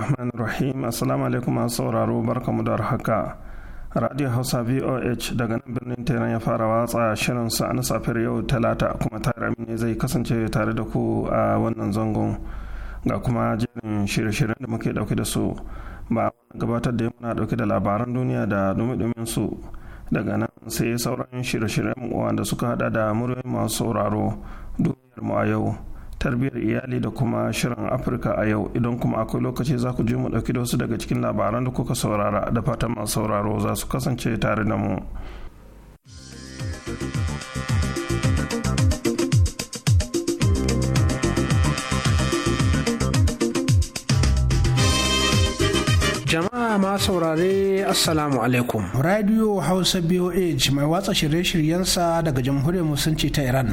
rahman rahim assalamu alaikum masu sauraro barkamu da haka radio hausa voh daga nan birnin teran ya fara watsa shirin sa na safiyar yau talata kuma tare ne zai kasance tare da ku a wannan zangon ga kuma jerin shirye-shiryen da muke dauke da su ba gabatar da muna dauke da labaran duniya da dumi su daga nan sai sauran shirye-shiryen da suka hada da muryoyin masu sauraro duniyar mu a yau tarbiyyar iyali da kuma shirin afirka a yau idan kuma akwai lokaci za ku je mu dauki da wasu daga cikin labaran da kuka saurara da fatan masu sauraro za su kasance tare da mu jama'a ma saurare assalamu alaikum radio hausa boh mai watsa shirye-shiryensa daga jamhuriyar musulunci ta iran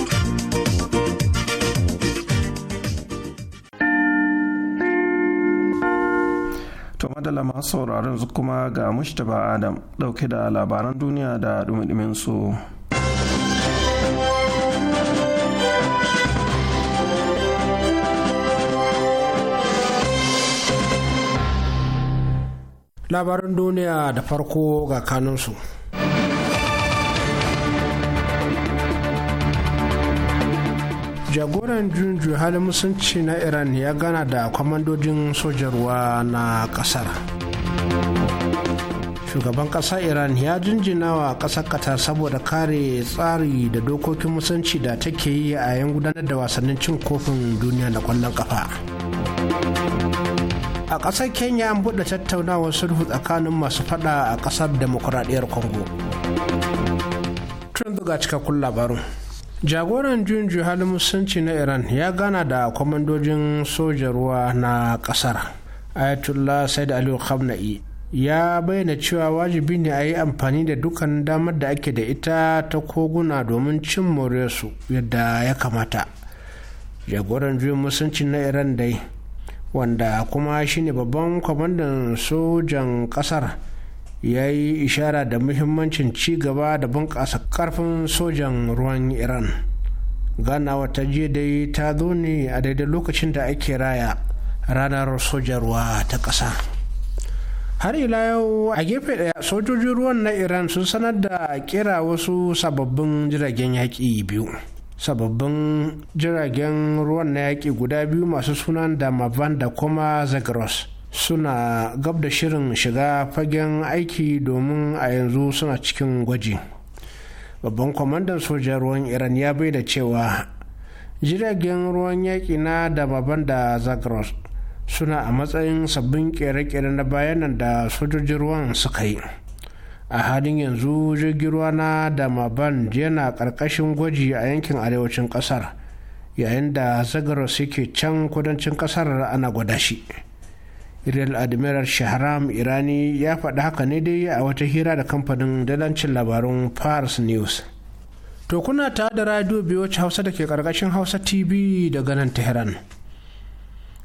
To madala masu sauraron su kuma ga Mustapha Adam dauke da labaran duniya da dumi su. Labaran duniya da farko ga kanunsu. jagoran junju halin musulunci na iran ya gana da kwamandojin sojarwa na kasar shugaban ƙasar iran ya jinjina wa kasar qatar saboda kare tsari da dokokin musulunci da take yi a yan gudanar da wasannin cin kofin duniya na kwallon kafa a kasar kenya an buɗe tattaunawar sulhu tsakanin masu fada a kasar demokuraɗiyar Kongo. tun buga cikakkun labarun. jagoran juyin halin musulunci na iran ya gana da kwamandojin sojan ruwa na kasar ayatollah said aliyu khamna'i ya bayyana cewa wajibi ne a yi amfani da dukkan damar da ake da ita ta koguna domin cin su yadda ya kamata jagoran juyin musulunci na iran dai wanda kuma shine babban kwamandan sojan kasar ya yi ishara da muhimmancin ci gaba da bunƙasa ƙarfin sojan ruwan iran ganawa ta je dai ta zo ne a daidai lokacin da ake raya ranar sojarwa ta ƙasa har ila yau a gefe ɗaya sojojin ruwan na iran sun sanar da kira wasu sababbin jiragen yaƙi biyu sababbin jiragen ruwan na yaƙi guda biyu masu sunan da mavan da kuma zagros suna gab da shirin shiga fagen aiki domin a yanzu suna cikin gwaji babban kwamandan sojan ruwan iran ya bai da cewa jiragen ruwan yaƙi na dababan da zagros suna a matsayin sabbin kere-kere na bayanan da sojojin ruwan suka yi a halin yanzu jirgin ruwa na damaban yana ƙarƙashin gwaji a yankin arewacin ƙasar yayin da zagros yake can kudancin ƙasar ana gwada shi. real admiral shahram irani ya faɗi haka ne dai a wata hira da kamfanin dalancin labarun pars news to kuna ta da radio biyoci hausa da ke ƙarƙashin hausa tv daga nan tehran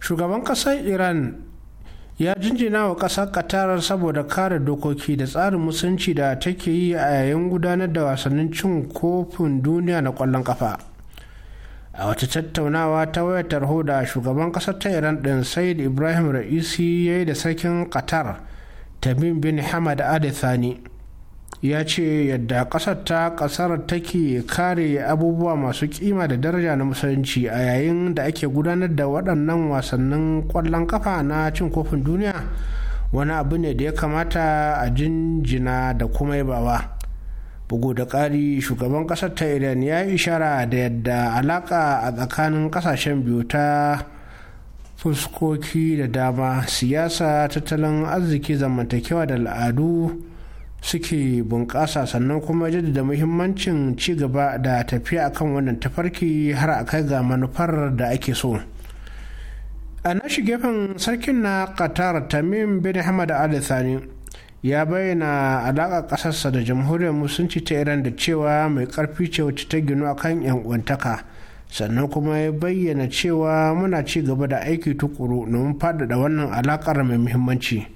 shugaban ƙasar iran ya jinjina wa ƙasar qatar saboda kare dokoki da tsarin musulunci da take yi a yayin gudanar da wasannin cin kofin duniya na ƙwallon ƙafa a wata tattaunawa ta wayar tarho da shugaban kasar ta iran din said ibrahim ra'isi ya yi da sarkin qatar tamim bin hamad ali ya ce yadda kasar ta kasar take kare abubuwa masu kima da daraja na musulunci a yayin da ake gudanar da waɗannan wasannin ƙwallon kafa na cin kofin duniya wani abu ne da ya kamata a jinjina da kuma yabawa. bugu da ƙari shugaban ƙasar ta iran ya yi ishara da yadda alaƙa a tsakanin ƙasashen biyu ta fuskoki da dama siyasa tattalin arziki zamantakewa da al'adu suke bunƙasa sannan kuma jaddada muhimmancin ci gaba da tafiya akan wannan tafarki har a kai ga manufar da ake so a nashi gefen sarkin na qatar tamim bin hamad al thani ya bayyana alaƙar ƙasarsa da jamhuriyar musulunci ta iran da cewa mai ƙarfi ce wacce ta ginu akan yan'uwantaka sannan kuma ya bayyana cewa muna ci gaba da aiki tukuru domin faɗaɗa wannan alaƙar mai muhimmanci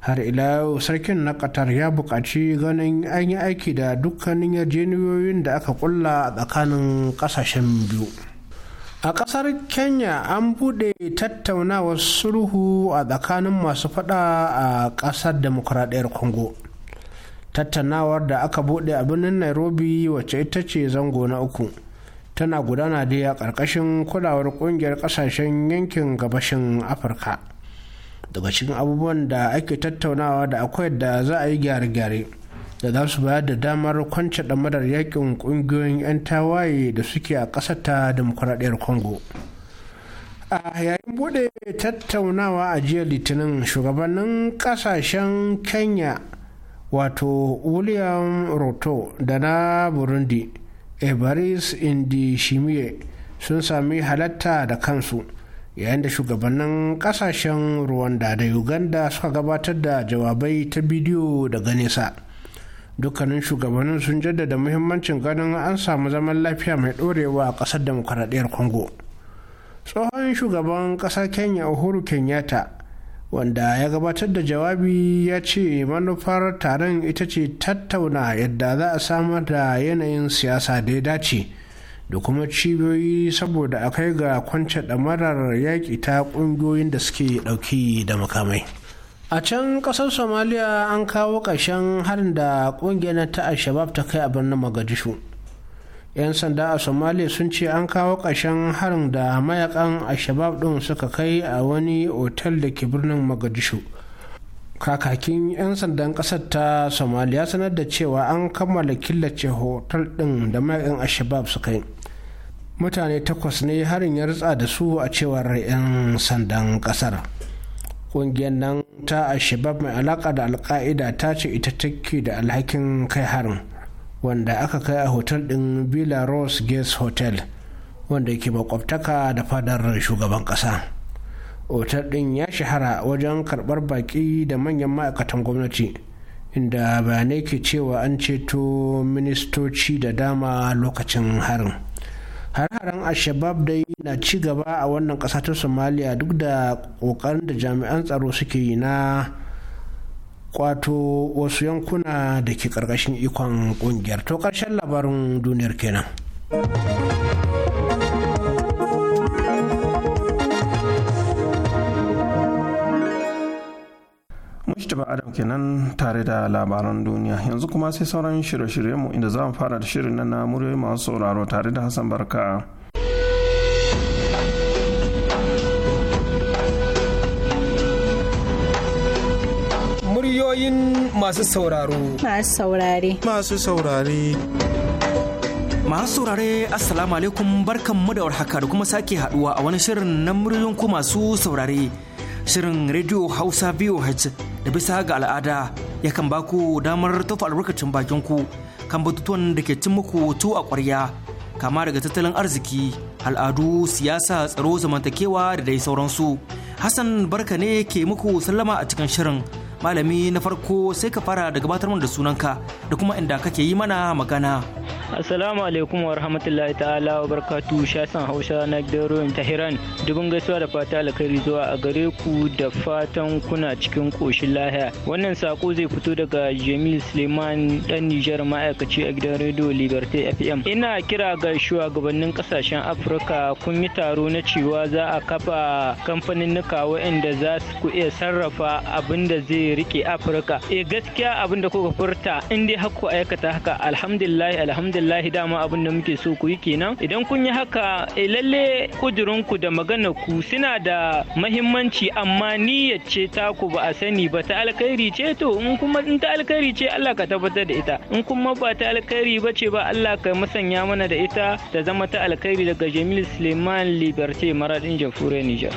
har ila yau sarkin na qatar ya buƙaci ganin an yi aiki da dukkanin yarjejeniyoyin da aka kulla a tsakanin ƙasashen biyu a ƙasar kenya an bude tattaunawar sulhu a tsakanin masu fada a ƙasar demokuraɗiyar congo tattaunawar da aka bude a birnin nairobi wacce ita ce zango na uku tana gudana dai a ƙarƙashin kulawar ƙungiyar ƙasashen yankin gabashin afirka daga cikin abubuwan da ake tattaunawa da akwai da za a yi gyare-gyare da za su bayar da damar kwance ɗamarar yakin ƙungiyoyin 'yan tawaye da suke a ƙasar ta demokuraɗiyar congo a yayin bude tattaunawa a jiya litinin shugabannin ƙasashen kenya wato william roto da na burundi indi indishimiye sun sami halatta da kansu yayin da shugabannin kasashen rwanda da uganda suka gabatar da jawabai ta bidiyo daga nesa dukkanin shugabannin sun jaddada muhimmancin ganin an samu zaman lafiya mai ɗorewa a ƙasar demokaradiyyar congo tsohon shugaban ƙasar kenya uhuru kenyatta wanda ya gabatar da jawabi ya ce manufar taron ita ce tattauna yadda za a samar da yanayin siyasa da ya dace da kuma cibiyoyi saboda a kai ga kwance marar yaƙi ta ƙungiyoyin da suke ɗauki da makamai. a can kasar somaliya an kawo ƙarshen harin da ƙungiyar ta al-shabab ta kai a birnin magadishu 'yan sanda a somaliya sun ce an kawo ƙarshen harin da mayakan al-shabab ɗin suka kai a wani otal da ke birnin magadishu kakakin 'yan sandan ƙasar ta somaliya sanar da cewa an kammala killace hotel ɗin da mayakan al-shabab suka yi mutane takwas ne harin ya rutsa da su a cewar 'yan sandan ƙasar ƙungiyar nan ta shabab mai alaƙa da alka'ida ta ce ita take da alhakin kai harin wanda aka kai a hotel ɗin rose guest hotel wanda ke makwabtaka da fadar shugaban ƙasa otal ɗin ya shahara wajen karɓar baƙi da manyan ma'aikatan gwamnati inda bayanai ke cewa an ceto ministoci da dama lokacin harin har-haren shabab dai na ci gaba a wannan ƙasa ta somaliya duk da ƙoƙarin da jami'an tsaro suke yi na kwato wasu yankuna da ke ƙarƙashin ikon ƙungiyar to ƙarshen labarin duniyar kenan. Mustapha Adam kenan tare da labaran duniya yanzu kuma sai sauran shirye-shiryenmu inda za mu fara da shirin nan na muryoyi masu sauraro tare da Hassan Barka. Muryoyin masu sauraro. Masu saurare. Masu saurare. Masu saurare Assalamu alaikum barkan mu da warhaka da kuma sake haduwa a wani shirin na muryoyin ku masu saurare. shirin rediyo hausa biyu VOH da bisa ga al'ada ya yakan baku damar tafa albarkacin bakin ku kan batutuwan da ke cin muku tu a kwarya kama daga tattalin arziki al'adu siyasa tsaro zamantakewa da dai sauransu hassan barka ne ke muku sallama a cikin shirin malami na farko sai ka fara da gabatar mana da sunanka da kuma inda kake yi mana magana Assalamu alaikum wa rahmatullahi ta'ala wa barkatu shasan Hausa na Gidan Tahiran. Dubin gaisuwa da fata alkhairi zuwa a gare ku da fatan kuna cikin koshin lahiya. Wannan sako zai fito daga Jamil Suleiman dan Nijar ma'aikaci a gidan Radio Liberty FM. Ina kira ga shugabannin kasashen Afirka kun yi taro na cewa za a kafa kamfanin nuka waɗanda za su ku iya sarrafa abin da zai zai rike afirka eh gaskiya abin da kuka furta in dai haku aikata haka alhamdulillahi alhamdulillahi dama abin da muke so ku yi kenan idan kun yi haka e lalle ku da magana ku suna da mahimmanci amma niyyar ce ku ba a sani ba ta alkhairi ce to in kuma in ta alkhairi ce Allah ka tabbatar da ita in kuma ba ta alkhairi ba ce ba Allah ka masanya mana da ita ta zama ta alkhairi daga Jamil Suleiman Liberté Maradin Jafure Nijar.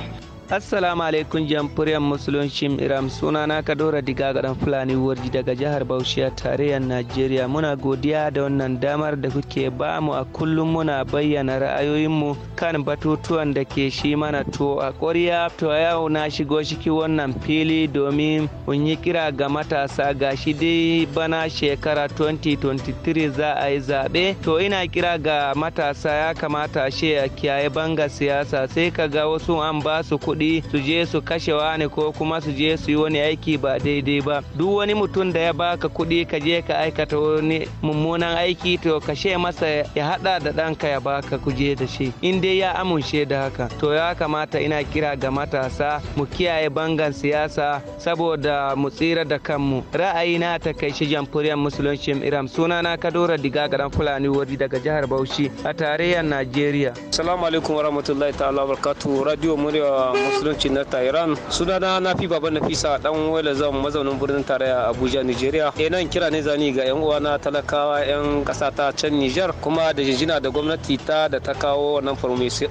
Assalamu alaikum jamhuriyar Musulunci Iram suna na Kadora Diga gadan Fulani Warji daga jihar Bauchi tarayyar Najeriya muna godiya da wannan damar da kuke ba mu a kullum muna bayyana ra'ayoyin mu kan batutuwan da ke shi mana to a ƙwarya to yau na shigo shiki wannan fili domin mun yi kira ga matasa gashi dai bana shekara 2023 za a yi zaɓe to ina kira ga matasa ya kamata she a kiyaye banga siyasa sai ka ga wasu an ba su kuɗi kuɗi su je su kashe wani ko kuma su je su yi wani aiki ba daidai ba duk wani mutum da ya baka kuɗi ka je ka aikata wani mummunan aiki to ka she masa ya haɗa da ɗanka ya baka kuje da shi in dai ya amince da haka to ya kamata ina kira ga matasa mu kiyaye bangan siyasa saboda mu tsira da kanmu ra'ayi na ta kai shi jamhuriyar musulunci iram suna na kadora diga dan fulani wari daga jihar bauchi a tarayyar najeriya salamu alaikum warahmatullahi ta'ala barkatu radio murya musulunci na Tehran sunana Nafi baban Nafisa dan wala zan mazaunin birnin tarayya Abuja Nigeria eh nan kira ne zani ga yan uwa na talakawa yan kasa ta can Niger kuma da jinjina da gwamnati ta da ta kawo wannan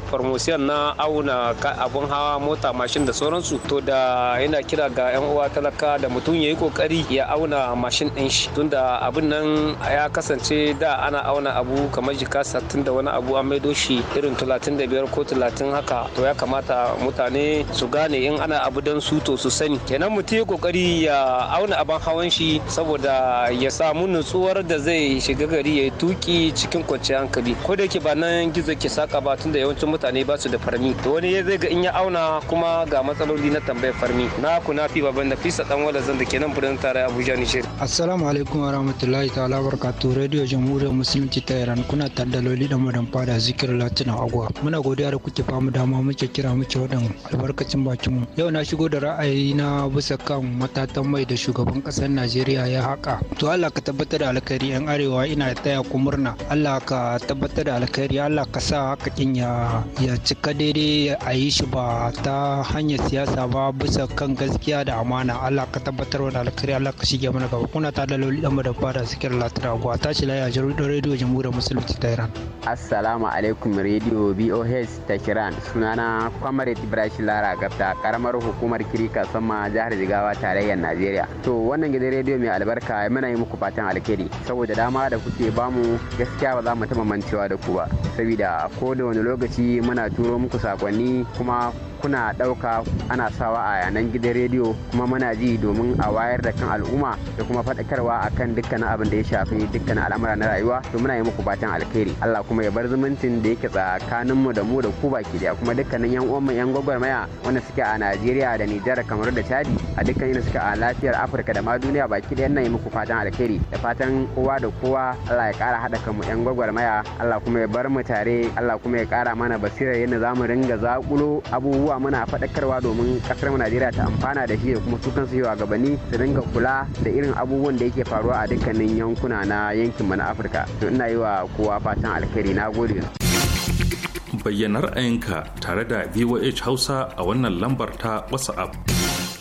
promotion na auna abun hawa mota mashin da sauransu to da yana kira ga yan uwa talaka da mutum yayi kokari ya auna mashin din shi tunda abin nan ya kasance da ana auna abu kamar jika 60 da wani abu an maido shi irin 35 ko 30 haka to ya kamata mutane su gane in ana abu don su to su sani kenan mutum ya kokari ya auna abin hawan shi saboda ya samu nutsuwar da zai shiga gari ya tuki cikin kwanciyar hankali ko da yake ba nan gizo ke saka ba tunda yawancin mutane ba su da farmi to wani ya zai ga in ya auna kuma ga matsaloli na tambayar farmi na ku na fi baban da fisa dan wala zan da kenan nan tare Abuja Nijar assalamu alaikum wa rahmatullahi ta'ala barkatu radio jamhuriyar musulunci ta Iran kuna tare da da madan fada zikirin latin agwa muna godiya da kuke bamu dama muke kira muke wadan albarkacin bakin mu yau na shigo da ra'ayi na bisa kan matatan mai da shugaban kasar najeriya ya haka to allah ka tabbatar da alkhairi yan arewa ina taya ku murna allah ka tabbatar da alkhairi allah ka sa haka kin ya ya cika daidai a yi shi ba ta hanyar siyasa ba bisa kan gaskiya da amana allah ka tabbatar da alkhairi allah ka shige mana gaba kuna ta da loli dan da fada sikir latira gwa tashi laya jaridar rediyo jamhuriyar musulunci ta iran assalamu alaikum radio boh ta kiran sunana kwamar ibrahim lara Gafta karamar hukumar Kirika sama jihar Jigawa tarayyar Najeriya. To wannan gidan rediyo mai albarka muna yi muku fatan alkhairi saboda dama da kuke bamu gaskiya ba za mu taba mancewa da ku ba saboda ko da wani lokaci muna turo muku sakonni kuma kuna ɗauka ana sawa a yanan gidan rediyo kuma muna ji domin a wayar da kan al'umma da kuma faɗakarwa a kan dukkanin abin da ya shafi dukkanin al'amura na rayuwa to muna yi muku fatan alkhairi Allah kuma ya bar zumuncin da yake tsakanin mu da mu da ku baki daya kuma dukkanin yan uwan mu yan gwagwarmaya wanda suke a Najeriya da Nijar kamar da Chadi a dukkan inda suke a lafiyar Afirka da ma duniya baki daya ina yi muku fatan alkhairi da fatan kowa da kowa Allah ya kara haɗa kanmu yan gwagwarmaya Allah kuma ya bar mu tare Allah kuma ya kara mana basirar yadda za mu ringa zakulo abubuwa zuwa muna faɗakarwa domin ƙasar Najeriya ta amfana da shi da kuma su kansu gabani su dinga kula da irin abubuwan da yake faruwa a dukkanin yankuna na yankin mu na Afirka. To ina yi wa kowa fatan alkhairi na gode. Bayyana ra'ayinka tare da VOH Hausa a wannan lambar ta WhatsApp.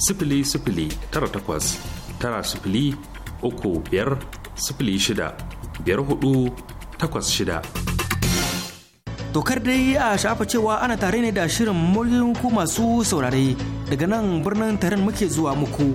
Sifili sifili tara takwas tara sifili uku biyar sifili shida biyar hudu takwas shida. Tokar dai a shafa cewa ana tare ne da shirin muryin ku masu saurare daga nan birnin taron muke zuwa muku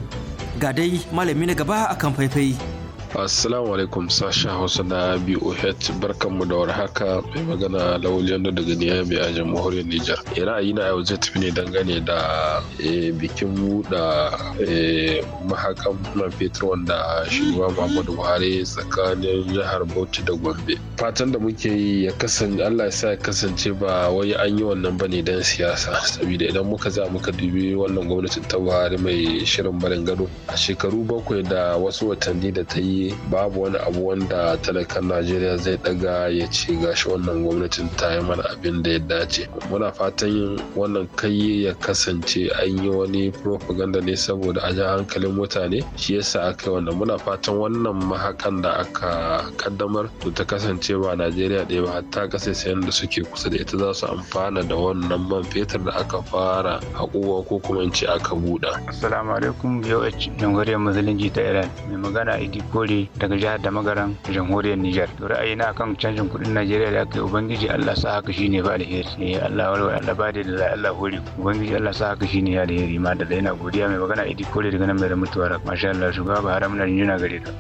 ga dai malami na gaba akan faifai. assalamu alaikum sashen hausa na boh barkanmu da haka, mai magana lauliyan daga niyami a jamhuriyar nijar eh, yi na yau zai tafi ne dangane da eh, bikin buɗa eh, mahakan man fetur wanda shugaba muhammadu buhari tsakanin jihar bauchi da gombe fatan da muke yi ya kasance allah ya sa ya kasance ba wai an yi wannan ba ne dan siyasa saboda idan muka za muka dubi wannan gwamnatin ta buhari mai shirin barin gado a shekaru bakwai da wasu watanni da ta yi yi babu wani abu wanda talakan najeriya zai daga ya ce gashi wannan gwamnatin ta yi mana abin da ya dace muna fatan yin wannan kai ya kasance an yi wani propaganda ne saboda a ja hankalin mutane shi yasa aka yi wannan muna fatan wannan mahakan da aka kaddamar to ta kasance ba najeriya ɗaya ba hatta kasashen da suke kusa da ita za su amfana da wannan man fetur da aka fara haƙuwa ko kuma in ce aka buɗa. assalamu alaikum yau jamhuriyar musulunci ta iran mai magana idi kori kuɗi daga jihar Damagaran jamhuriyar Nijar. To na kan canjin kuɗin Najeriya da aka yi Ubangiji Allah sa haka shine ba alheri. Eh Allah warwa Allah ba da Allah Allah hore. Ubangiji Allah sa haka shine ya alheri ma da na godiya mai magana Idi Kore daga nan mai da mutuwa Masha Allah shugaba Buhari muna gare ka.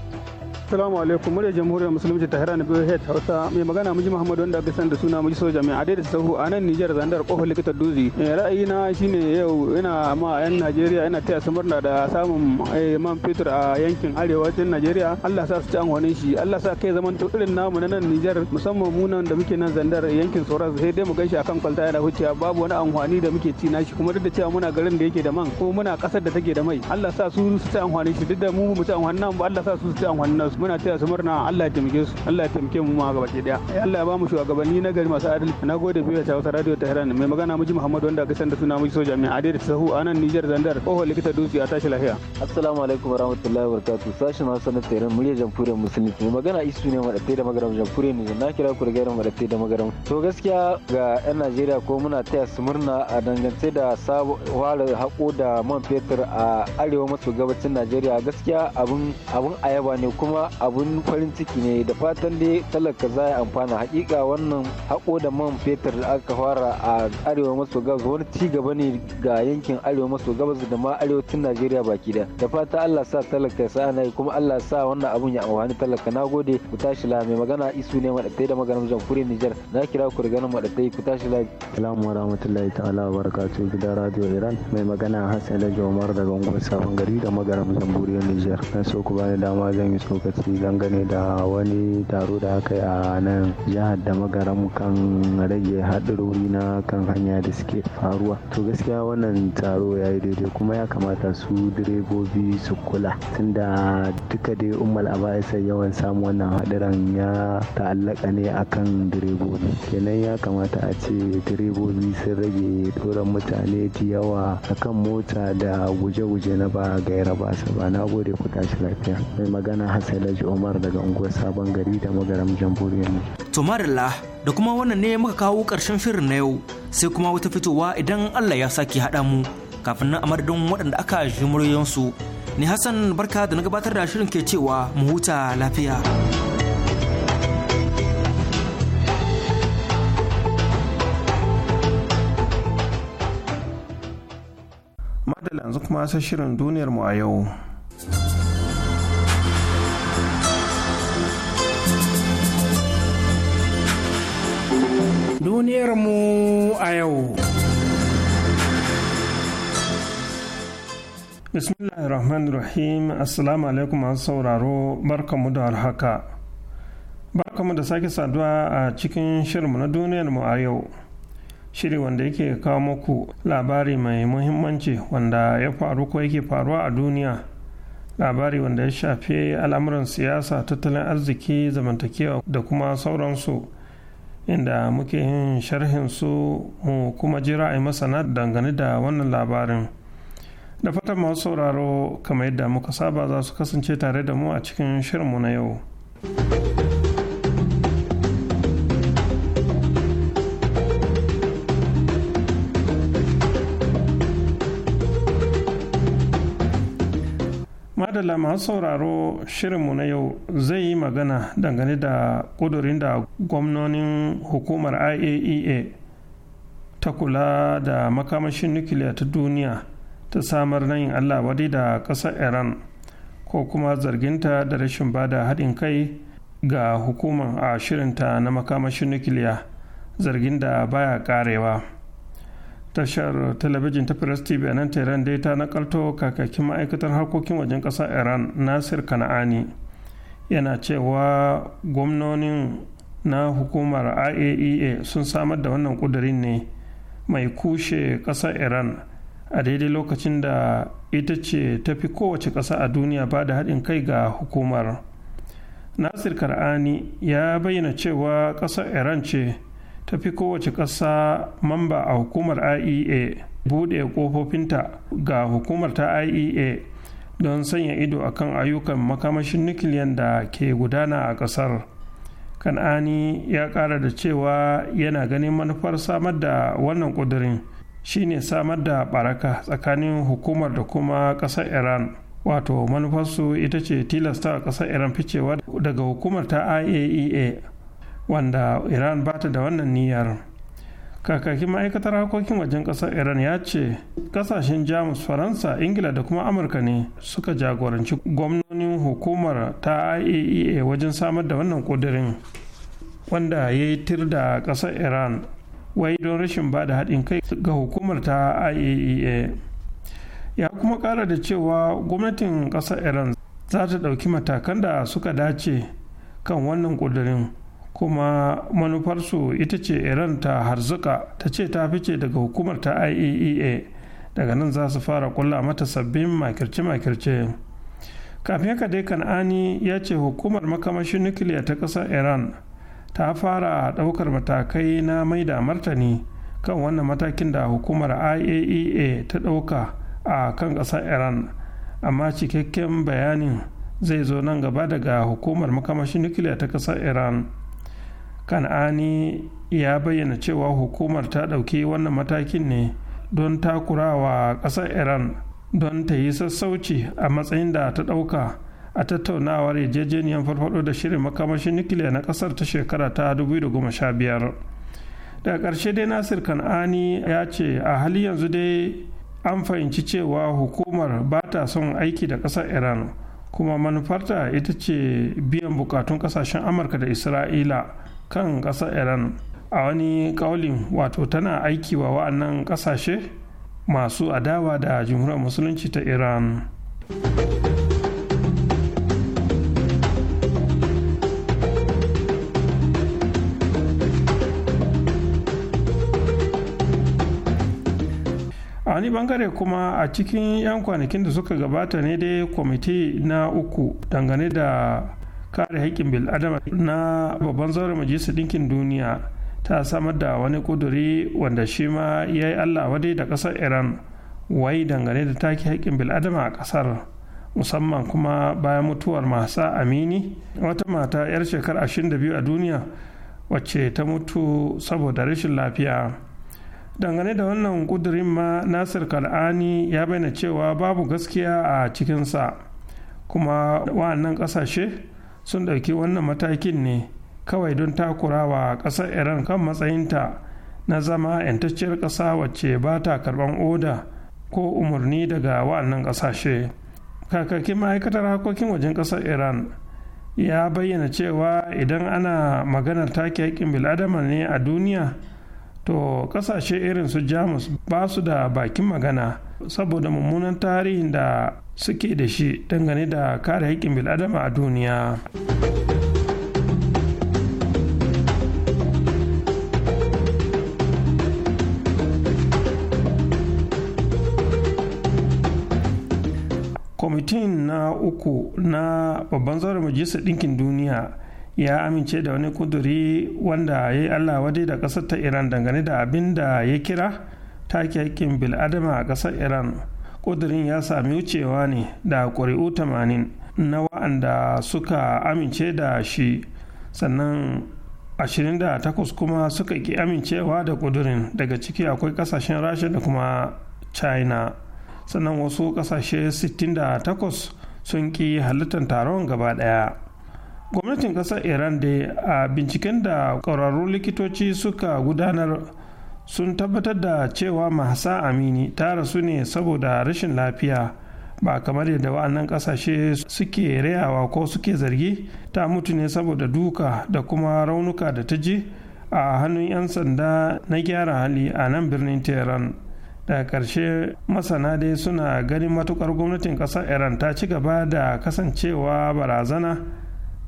Assalamu alaikum murya jamhuriyar musulunci ta hira na biyu head Hausa mai magana muji Muhammad wanda aka san da suna muji soja mai adai da sahu a nan Nijar zandar kofar likitar Duzi. Eh, ra'ayina shine yau ina ma yan Najeriya ina taya su murna da samun eh, man fetur a yankin arewacin Najeriya. Allah sa su ci amfanin shi. Allah sa kai zaman to irin namu na nan Nijar musamman mu nan da muke nan zandar yankin Soras sai dai mu gaishe akan kwalta yana huciya babu wani amfani da muke ci nashi kuma duk da cewa muna garin da yake da man ko muna kasar da take da mai. Allah sa su su ci amfanin shi duk da mu mu ci amfanin nan ba Allah sa su su ci amfanin nasu. muna taya su murna Allah ya taimake su Allah ya taimake mu ma gaba daya eh, Allah ya ba mu shugabanni na gari masu adalci na gode biyu ta Hausa Radio Tehran mai magana muji Muhammad wanda aka sanda suna muji soja mai adai da sahu a nan Niger Zandar kohon likita dutse a tashi lafiya Assalamu alaikum warahmatullahi wabarakatuh sashi sashin sanar na Tehran muryar jamhuriyar musulmi mai magana isu ne madatai da magaram jamhuriyar Niger na kira ku da gairan madatai da magaram to gaskiya ga yan Najeriya ko muna taya su murna a dangance da sabo wala hako da man fetur a arewa maso gabacin Najeriya gaskiya abun abun ayaba ne kuma abun farin ciki ne da fatan dai talaka za ya amfana hakika wannan hako da man fetur da aka fara a arewa maso gabas wani ci gaba ne ga yankin arewa maso gabas da ma arewacin najeriya baki da da fata allah sa talaka sa na kuma allah sa wannan abun ya amfani talaka na gode ku tashi la mai magana isu ne madatai da maganar jamhuriyar nijar na kira ku daga nan madatai ku tashi la. salamu rahmatullahi ta'ala wa barakatuhu gidan radio iran mai magana hassan da umar daga unguwar sabon gari da maganar jamhuriyar nijar na so ku bani dama zan yi tsokaci ministry dangane da wani taro da aka yi a nan jihar da magaram kan rage haɗarori na kan hanya da suke faruwa to gaskiya wannan taro ya yi daidai kuma ya kamata su direbobi su kula tunda duka dai ummal abaisa yawan samun wannan haɗarin ya ta'allaka ne akan direbobi kenan ya kamata a ce direbobi sun rage doron mutane da yawa akan mota da guje-guje na ba gaira ba ba na gode ku tashi lafiya mai magana hassan alhaji omar daga unguwar sabon gari da magaram jamhuriyar to marilla da kuma wannan ne muka kawo karshen shirin na yau sai kuma wata fitowa idan allah ya sake haɗa mu kafin nan a madadin waɗanda aka ji muryoyinsu ni hassan barka da na gabatar da shirin ke cewa mu huta lafiya madalla yanzu kuma sai shirin duniyar mu a yau Duniyarmu a yau. Bismillahir Rahmanir Rahim Assalamu alaikum masu sauraro barkamu da haka. Barkamu da sake saduwa a cikin shirinmu na duniyarmu a yau. Shiri wanda yake kawo muku labari mai muhimmanci wanda ya faru ko yake faruwa a duniya. labari wanda ya shafi al'amuran siyasa tattalin arziki zamantakewa da kuma sauransu inda muke yin sharhin su mu kuma jira a masana dangane da wannan labarin da fatan masu sauraro kamar yadda muka saba za su kasance tare da mu a cikin shirinmu na yau. madalla masu sauraro shirinmu na yau zai yi magana dangane da ƙudurin da gwamnonin hukumar iaea e ta kula da makamashin nukiliya ta duniya ta samar na yin allah wadai da ƙasar iran ko kuma zarginta da rashin bada haɗin kai ga hukumar a shirinta na makamashin nukiliya zargin da baya ƙarewa. tashar talabijin ta firas tv a nan tehran dai ta nakalto kakakin ma'aikatar harkokin wajen ƙasa iran nasir kana'ani yana cewa gwamnonin na hukumar iaea e sun samar da wannan kudurin ne mai kushe ƙasar iran a daidai lokacin da ita ce ta fi kowace ƙasa a duniya ba da haɗin kai ga hukumar nasir kar'ani ya bayyana cewa ƙasar iran ce ta fi kowace ƙasa mamba a hukumar iea buɗe ƙofofinta ga hukumar ta iea don sanya ido a kan ayyukan makamashin nukiliyan da ke gudana a ƙasar kan'ani ya ƙara da cewa yana ganin manufar samar da wannan ƙudurin shine samar da baraka tsakanin hukumar da kuma ƙasar iran wato manufarsu ita ce tilasta ƙasar iran ficewa daga hukumar ta iaea wanda iran ba ta da wannan niyyar kakakin ma'aikatar harkokin wajen ƙasar iran ya ce kasashen jamus faransa ingila da kuma amurka ne suka jagoranci gwamnonin hukumar ta iaea e wajen samar da wannan ƙudurin wanda ya yi tir da ƙasar iran wai don rashin ba da haɗin kai ga hukumar ta iaea e ya kuma ƙara da cewa gwamnatin ƙasar iran za ta ɗauki matakan da suka dace kan wannan ƙudurin kuma manufarsu ita ce iran ta harzuka ta ce ta fice daga hukumar ta iaea e daga nan za su fara kulla mata sabbin makirce-makirce kafin ka dai kan'ani ya ce hukumar makamashin nukiliya ta ƙasar iran ta fara ɗaukar matakai na mai da martani kan wannan matakin da hukumar iaea e ta ɗauka a kan ƙasar iran amma cikakken bayanin zai zo nan gaba daga hukumar makamashin nukiliya ta ƙasar iran kan'ani ya bayyana cewa hukumar ta ɗauki wannan matakin ne don takurawa ƙasar iran don ta yi sassauci a matsayin da ta ɗauka a tattaunawar yarjejeniyar farfado da shirin makamashin nukiliya na ƙasar ta shekara ta 2015 daga ƙarshe dai nasir kan'ani ya ce a hali yanzu dai an fahimci cewa hukumar ba ta son aiki da ƙasar iran kuma manufarta ita ce biyan bukatun ƙasashen amurka da isra'ila kan ƙasar iran a wani ƙaulin wato tana aiki wa wa'annan ƙasashe masu adawa da jumhuriyar musulunci ta iran a wani bangare kuma a cikin 'yan kwanakin da suka gabata ne dai kwamiti na uku dangane da kare haƙƙin bil'adama na babban zauren majalisar ɗinkin duniya ta samar da wani ƙuduri wanda shi ma ya yi allah wadai da ƙasar iran wai dangane da take haƙƙin bil'adama a ƙasar musamman kuma bayan mutuwar masa amini wata mata 'yar shekara 22 a duniya wacce ta mutu saboda rashin lafiya dangane da wannan ƙudurin ma nasir kal'ani ya bayyana cewa babu gaskiya a cikinsa kuma wa'annan ƙasashe sun ɗauki wannan matakin ne kawai don takurawa ƙasar iran kan matsayinta na zama 'yantacciyar ƙasa wacce ba ta karɓan oda ko umarni daga wa'annan ƙasashe kakakin ma'aikatar harkokin wajen ƙasar iran ya bayyana cewa idan ana maganar take haƙƙin bil'adama ne a duniya to kasashe irin su jamus ba su da bakin magana saboda mummunan tarihin da suke da shi dangane da kare haƙƙin bil'adama a duniya kwamitin na uku na babban zauren majalisar ɗinkin duniya ya amince da wani kuduri wanda ya yi allah wadai da ƙasar ta iran dangane da abin da ya kira take hakkin bil'adama a ƙasar iran kudurin ya sami wucewa ne da ƙuri'u 80 na wa'anda suka amince da shi sannan 28 kuma suka ki amincewa da kudurin daga ciki akwai ƙasashen rasha da kuma china sannan wasu ƙasashe 68 sun ƙi halittar taron gaba ɗaya. gwamnatin kasar iran da a binciken da ƙwararrun likitoci suka gudanar sun tabbatar da cewa mahasa amini ta rasu ne saboda rashin lafiya ba kamar yadda wa'annan kasashe suke rayawa ko suke zargi ta mutu ne saboda duka da kuma raunuka da ta ji a hannun 'yan sanda na gyara hali a nan birnin tehran da ƙarshe masana dai suna ganin matukar gwamnatin ƙasar iran ta ci gaba da kasancewa barazana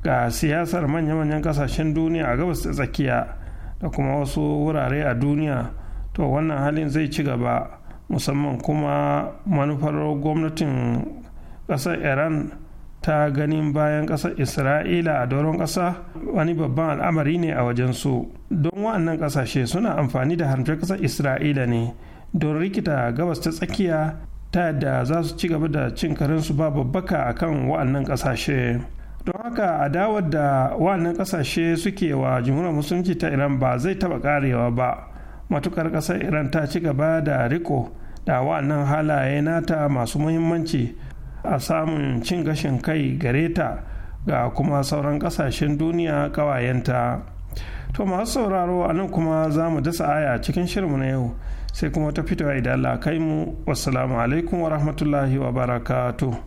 ga siyasar manya-manyan kasashen duniya a gabas ta tsakiya da kuma wasu wurare a duniya to wannan halin zai ci gaba musamman kuma manufar gwamnatin ƙasar iran ta ganin bayan ƙasar isra'ila a doron ƙasa wani babban al'amari ne a wajensu don wa'annan ƙasashe suna amfani da haramtar ƙasar isra'ila ne don rikita gabas ta tsakiya ta yadda za su ci gaba da cin karinsu ba babbaka akan wa'annan ƙasashe. don haka adawar da wannan kasashe suke wa jamhuriyar musulunci ta iran ba zai taba karewa ba matukar kasar iran ta ci gaba da riko da wannan halaye nata masu muhimmanci a samun cin gashin kai gare ta ga kuma sauran kasashen duniya kawayenta to masu sauraro a nan kuma za mu dasa aya cikin shirinmu na yau sai kuma ta fitowa idan Allah kai mu wassalamu alaikum wa rahmatullahi wa barakatuh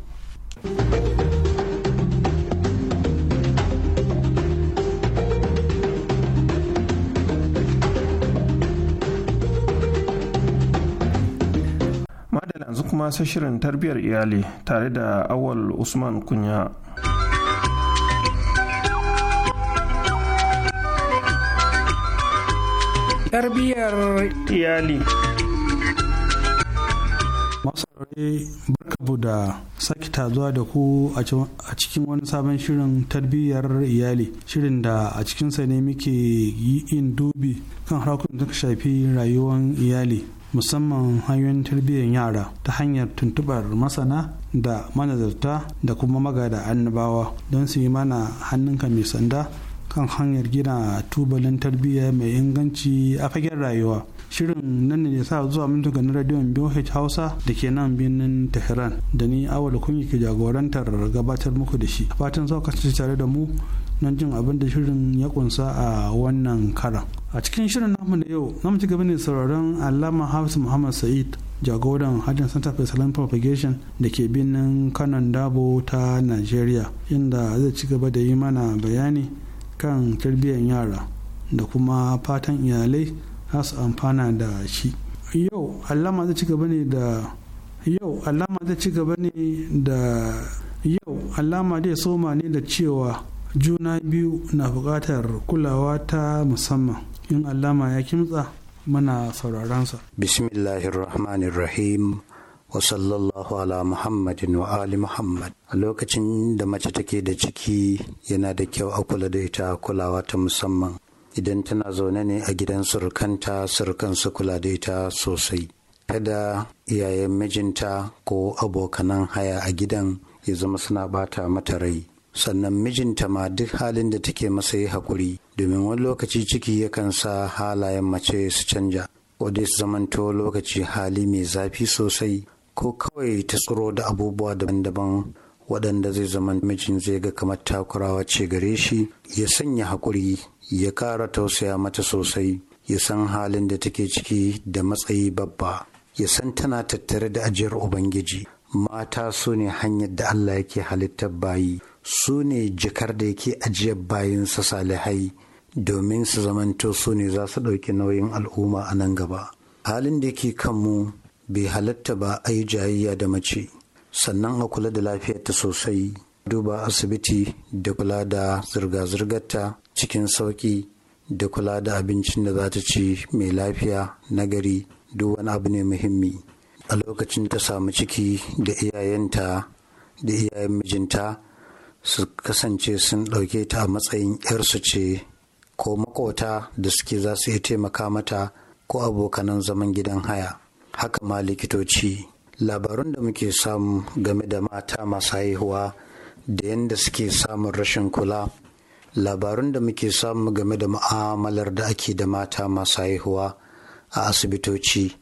masu shirin tarbiyyar iyali tare da awal usman kunya tarbiyyar iyali masu barkabu da sake tazuwa da ku a cikin wani sabon shirin tarbiyyar iyali shirin da a cikinsa ne muke yi in dubi kan harkokin da shafi rayuwar iyali musamman hanyoyin tarbiyyar yara ta hanyar tuntubar masana da manazarta da kuma magada annabawa don su yi mana hannunka mai sanda kan hanyar gina tubalin tarbiyya mai inganci a fagen rayuwa shirin nan ne sa zuwa mintu ganin radiyon boh hausa da ke nan birnin tehran da ni awal kunyi ke jagorantar gabatar muku da shi fatan kasance tare da mu don jin abin da shirin ya kunsa a wannan karan a cikin shirin namu na yau na ci gaba ne sauraron alama hafs muhammad sa'id jagoran hajjin center for islamic propagation da ke birnin kanon dabo ta nigeria inda zai ci gaba da yi mana bayani kan tarbiyyar yara da kuma fatan iyalai za su amfana da shi yau alama zai ci ne da yau alama zai ci gaba ne da yau alama zai soma ne da cewa juna biyu na buƙatar kulawa ta musamman in allama ya kimtsa mana sauraronsa bismillahirrahmanirrahim wa sallallahu ala muhammadin wa ali muhammad a lokacin da mace take da ciki yana da kyau a kula da ita kulawa ta musamman idan tana zaune ne a gidan surukanta surukan su kula da ita sosai kada iyayen mijinta ko abokanan haya a gidan ya zama suna bata mata rai sannan mijinta ma duk halin da take masa yi haƙuri domin wani lokaci ciki yakan sa halayen mace su canja wadda su zamanto lokaci hali mai zafi sosai ko kawai ta tsoro da abubuwa daban-daban waɗanda zai zama mijin zai ga kamar takurawa ce gare shi ya sanya hakuri, ya ƙara tausaya mata sosai ya san halin da take ciki da matsayi babba ya san tana tattare da ajiyar ubangiji mata su ne hanyar da allah yake halittar bayi su ne jikar da yake ajiye bayan su salihai domin su zamanto su ne za su ɗauki nauyin al'umma a nan gaba halin da yake kanmu bai halatta ba a yi jayayya da mace sannan a kula da lafiyarta sosai duba asibiti da kula da zirga-zirgarta cikin sauƙi da kula da abincin da za ta ci mai lafiya nagari duk wani abu ne muhimmi a lokacin ta samu ciki da iyayenta da iyayen mijinta su kasance sun ɗauke ta a matsayin 'yarsu ce ko makota da suke za su iya taimaka mata ko abokanan zaman gidan haya haka ma likitoci labarun da muke samu game da mata masu haihuwa da yadda suke samun rashin kula labarun da muke samu game da ma'amalar da ake da mata masu haihuwa a asibitoci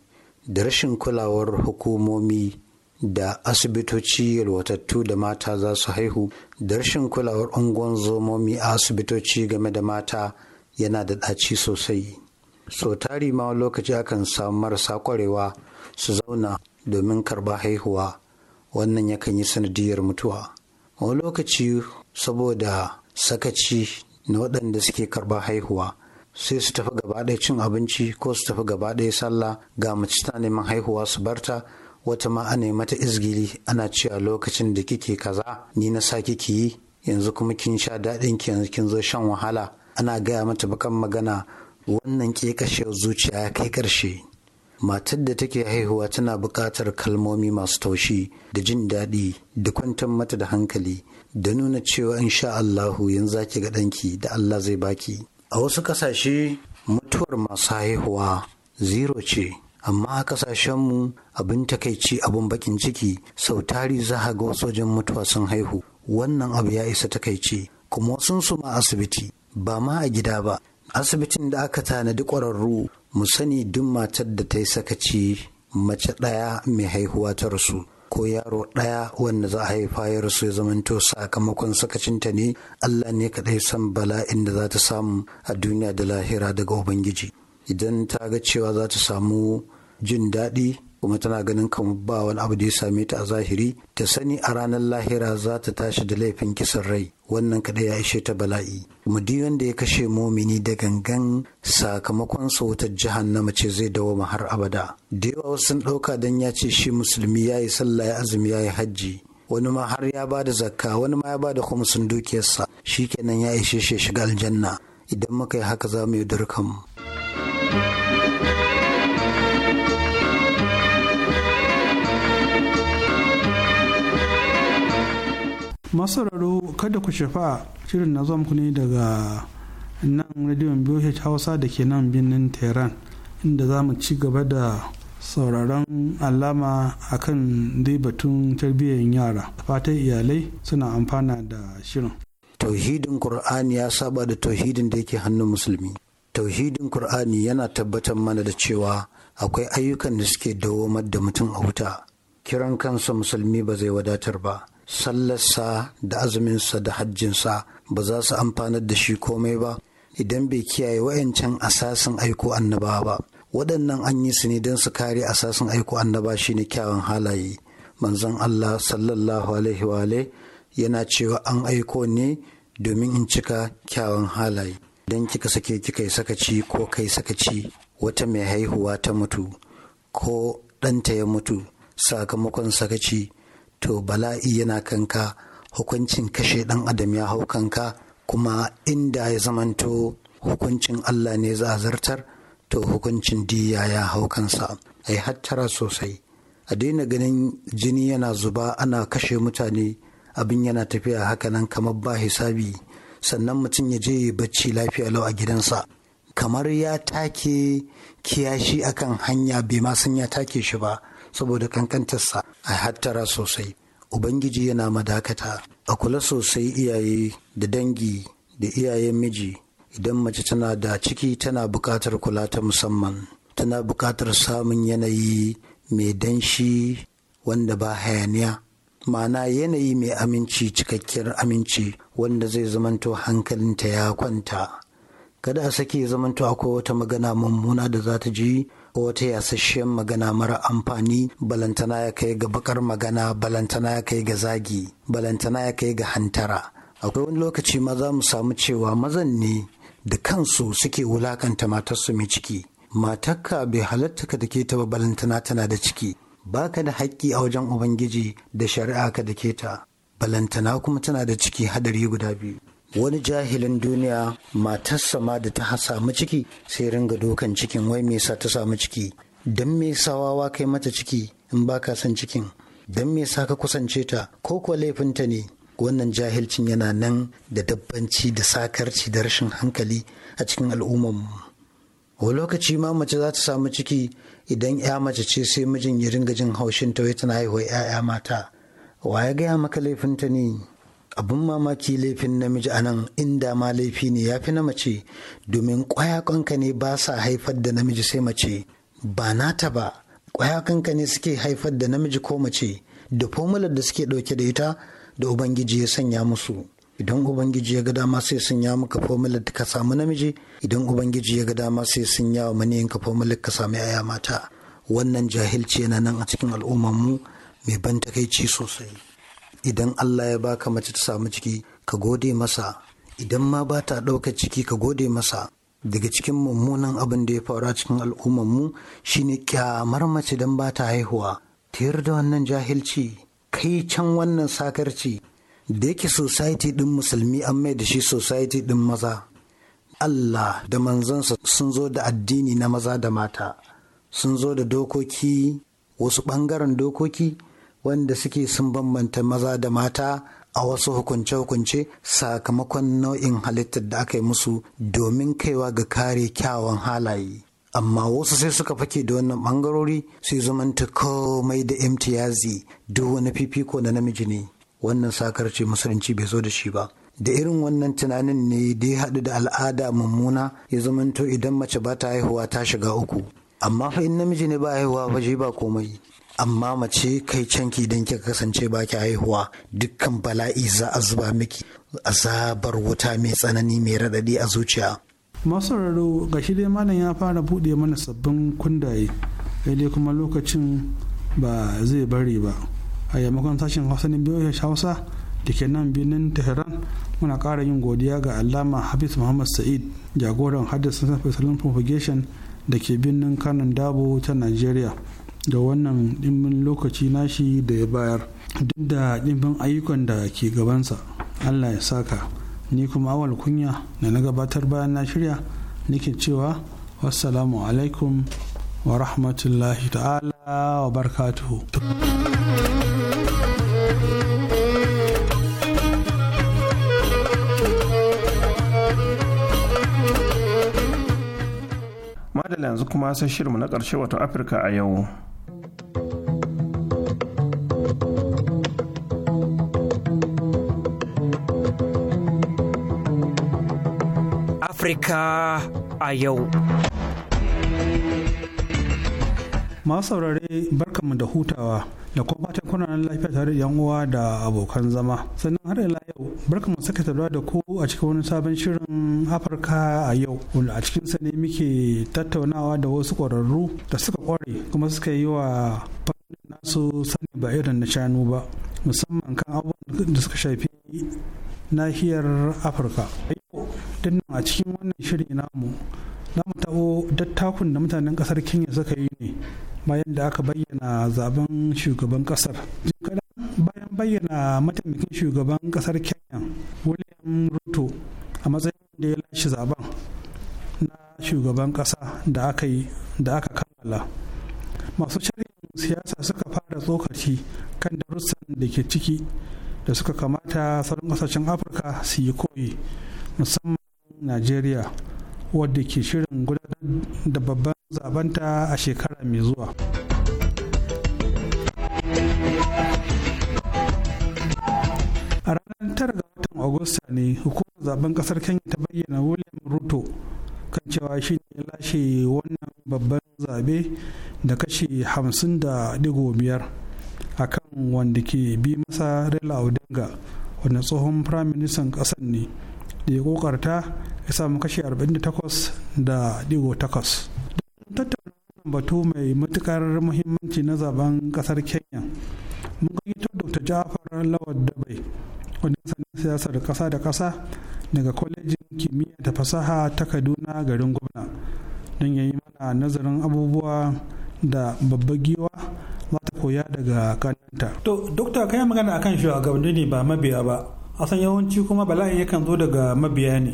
da rashin kulawar hukumomi da asibitoci yalwatattu da mata za su haihu da rashin kulawar unguwan zomomi a asibitoci game da mata yana da ɗaci sosai so tari ma lokaci akan samu marasa kwarewa su zauna domin karba haihuwa wannan yakan yi sanadiyar mutuwa wani lokaci saboda sakaci na waɗanda suke karɓa haihuwa sai su tafi gaba ɗaya cin abinci ko su tafi gaba ɗaya sallah ga mace ta neman haihuwa su barta wata ma ana mata izgili ana cewa lokacin da kike kaza ni na sa kiki yi yanzu kuma kin sha daɗin ki yanzu kin zo shan wahala ana gaya mata bakan magana wannan ke kashe zuciya ya kai ƙarshe matar da take haihuwa tana buƙatar kalmomi masu taushi da jin daɗi da kwantar mata da hankali da nuna cewa insha Allahu yanzu zaki ga ɗanki da Allah zai baki a wasu ƙasashe mutuwar masu haihuwa zero ce amma a kasashenmu abin takaici abin bakin ciki sau tari za a ga wasu wajen mutuwa sun haihu wannan abu ya isa takaici kuma wasu su ma asibiti ba ma a gida ba asibitin da aka tanadi ƙwararru mu sani duk matar da ta yi sakaci mace ɗaya mai haihuwa ta rasu ko yaro ɗaya wanda za a haifa ya rasu ya zamanto sakamakon sakacinta ne Allah ne kaɗai san bala'in da za ta samu a duniya da lahira daga Ubangiji. Idan ta ga cewa za ta samu jin daɗi kuma tana ganin kamar ba wani abu da ya same ta a zahiri ta sani a ranar lahira za ta tashi da laifin kisan rai wannan kaɗai ya ishe ta bala'i kuma duk wanda ya kashe momini da gangan sakamakon sa wutar na mace zai dawoma har abada da yawa wasu sun ɗauka don ya ce shi musulmi ya yi sallah ya azumi ya yi hajji wani ma har ya ba da zakka wani ma ya ba da sun dukiyarsa shikenan ya ishe shi shiga aljanna idan muka yi haka za mu yi mu masu kada ku shafa shirin na zuwa ne daga nan radiyon biyoshe Hausa da ke nan birnin Tehran inda za mu ci gaba da sauraron alama akan dai batun tarbiyyar yara fatan iyalai suna amfana da shirin. Tauhidin Kur'ani ya saba da tauhidin da yake hannun musulmi. Tauhidin Kur'ani yana tabbatar mana da cewa akwai ayyukan da suke dawo da mutum a wuta. Kiran kansa musulmi ba zai wadatar ba. sallarsa da azuminsa da hajjinsa ba za su amfanar da shi komai ba idan bai kiyaye wa'yancan asasin aiko annaba ba waɗannan an yi su ne don su kare asasin aiko annaba ne kyawun halaye manzon Allah sallallahu alaihi wa yana cewa an aiko ne domin in cika kyawun halaye don kika sake kika yi sakaci ko kai sakaci wata mai haihuwa ta mutu ko ɗanta ya mutu sakamakon sakaci to bala'i yana kanka hukuncin kashe ɗan adam ya hau kanka kuma inda ya zamanto hukuncin Allah ne za a zartar to hukuncin diya ya hau kansa a yi hattara sosai a daina ganin jini yana zuba ana kashe mutane abin yana tafiya hakanan kamar ba hisabi sannan mutum ya je bacci lafiya lau a gidansa kamar ya take kiyashi akan hanya bai ma san ya take shi ba saboda kankantarsa a hattara sosai ubangiji yana madakata a kula sosai iyaye da dangi da iyayen miji idan mace tana da ciki tana bukatar kula ta musamman tana bukatar samun yanayi mai danshi wanda ba hayaniya ma'ana yanayi mai aminci cikakkiyar aminci wanda zai zamanto hankalinta ya kwanta kada a sake zamanto akwai wata magana mummuna da za ta ji ko wata yasasshen magana mara amfani balantana ya kai ga bakar magana balantana ya kai ga zagi balantana ya kai ga hantara akwai wani lokaci ma za mu samu cewa mazan ne da kansu suke wulakanta matarsu mai ciki matarka bai halatta ka da ke ta balantana tana da ciki baka da haƙƙi a wajen ubangiji da shari'a ka da ke ta balantana kuma tana da ciki hadari guda biyu wani jahilin duniya matarsa ma da ta samu ciki sai ringa dokan cikin wai me sa ta samu ciki don me sa wawa kai mata ciki in ba ka son cikin don me sa ka kusance ta ko kuwa laifinta ne wannan jahilcin yana nan da dabbanci da sakarci da rashin hankali a cikin mu wa lokaci ma mace za ta samu ciki idan ya mace ce sai mijin ya ringa jin haushin ta wai tana haihuwa 'ya'ya mata wa ya gaya maka laifinta ne abun mamaki laifin namiji a nan inda ma laifi ne ya fi na mace domin ƙwaya ne ba sa haifar da namiji sai mace ba nata ba kwayakonka ne suke haifar da namiji ko mace da fomular da suke ɗauke da ita da ubangiji ya sanya musu idan ubangiji ya ga dama sai sanya maka fomular da ka samu namiji idan ubangiji ya ga dama sai sanya wa ka fomular ka samu yaya mata wannan jahilci yana nan a cikin al'ummar mu mai ban takaici sosai idan Allah ya baka mace ta samu ciki ka gode masa idan ma ba ta ɗaukar ciki ka gode masa daga cikin mummunan abin da ya faru cikin shi shine kyamar mace don ba ta haihuwa tayar da wannan jahilci kai can wannan sakarci da yake society ɗin musulmi an mai da shi society ɗin maza Allah da manzansa sun zo da addini na maza da mata sun zo da dokoki wasu ɓangaren dokoki wanda suke sun bambanta maza da mata a wasu hukunce-hukunce sakamakon nau'in halittar da aka yi musu domin kaiwa ga kare kyawun halaye. Amma wasu sai suka fake da wannan ɓangarori su yi komai da imtiyazi duk wani fifiko na namiji ne. Wannan sakarci musulunci bai zo da shi ba. da irin wannan tunanin ne da ya haɗu da al'ada mummuna ya zumanto idan mace ba ta haihuwa ta shiga uku amma fa in namiji ne ba haihuwa ba shi ba komai amma mace kai canki idan kika kasance baki haihuwa dukkan bala'i za a zuba miki a azabar wuta mai tsanani mai raɗaɗi a zuciya masu raro ga shi dai malam ya fara buɗe mana sabbin kundaye dai kuma lokacin ba zai bari ba a yamakon sashen hausa ne biyu hausa da ke nan birnin tehran muna ƙara yin godiya ga allama hafiz muhammad sa'id jagoran haddasa salon propagation da ke birnin kanan dabo ta nigeria da wannan dimbin lokaci nashi da ya bayar duk da dimbin ayyukan da ke gabansa allah ya saka ni kuma awal kunya da na gabatar bayan na shirya nake cewa wassalamu alaikum wa rahmatullahi ta'ala wa barkatu. madalla yanzu kuma sai shirinmu na ƙarshe wato afirka a yau Afirka a yau. Masu saurare barkanmu da hutawa da kuma fatan kuna nan lafiya tare da uwa da abokan zama. Sannan har ila yau barkanmu saka taruwa da ku a cikin wani sabon shirin Afirka a yau wanda a cikin sa ne muke tattaunawa da wasu ƙwararru da suka ƙware kuma suka yi wa nasu sani ba irin na shanu ba musamman kan abubuwan da suka shafi nahiyar afirka dinnan a cikin wannan shiri namu na mu tabo dattakun da mutanen kasar kenya suka yi ne bayan da aka bayyana zaben shugaban kasar bayan bayyana mataimakin shugaban kasar kenya william ruto a matsayin da ya lashe zaben na shugaban kasa da aka yi da aka kammala masu shirin siyasa suka fara tsokaci kan darussan da ke ciki da suka kamata sauran kasashen afirka su yi koyi musamman najeriya wadda ke shirin gudanar da babban zabanta a shekara mai zuwa a ranar tara ga watan agusta ne hukumar zaben kasar kenya ta bayyana william ruto kan cewa shi ne lashe wannan babban zabe da kashi 50.5 a kan wanda ke bi masa raila odinga wanda tsohon firaministan ƙasar ne da ya kokarta ya samu kashi 48 da digo 8 tattauna batu mai matukar muhimmanci na zaben kasar kenya mun gaggito dr jafar lawal dabai wani sanin siyasar kasa da kasa daga kwalejin kimiyya da fasaha ta kaduna garin gwamna don yayi mana nazarin abubuwa da babbar giwa za ta koya daga kananta. to dokta kai magana akan shugabanni ne ba mabiya ba asan yawanci kuma bala'in yakan zo daga mabiya ne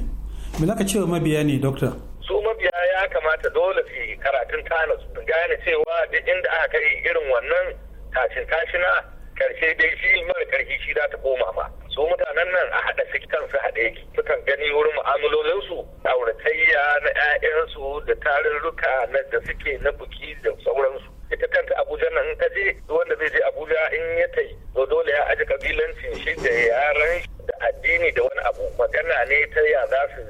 me ka cewa mabiya ne dokta su mabiya ya kamata dole su karatun tana su gane cewa da inda aka kai irin wannan tashin tashina karshe dai shi mara karfi shi za ta koma ma su mutanen nan a haɗa su su haɗe yake sukan gani wurin mu'amalolinsu auratayya na 'ya'yansu da tarurruka na da suke na buki da sauransu ita kanta abuja nan ta je wanda zai je abuja in ya tai to dole ya aji kabilancin shi da yaran da addini da wani abu magana ne ta ya za su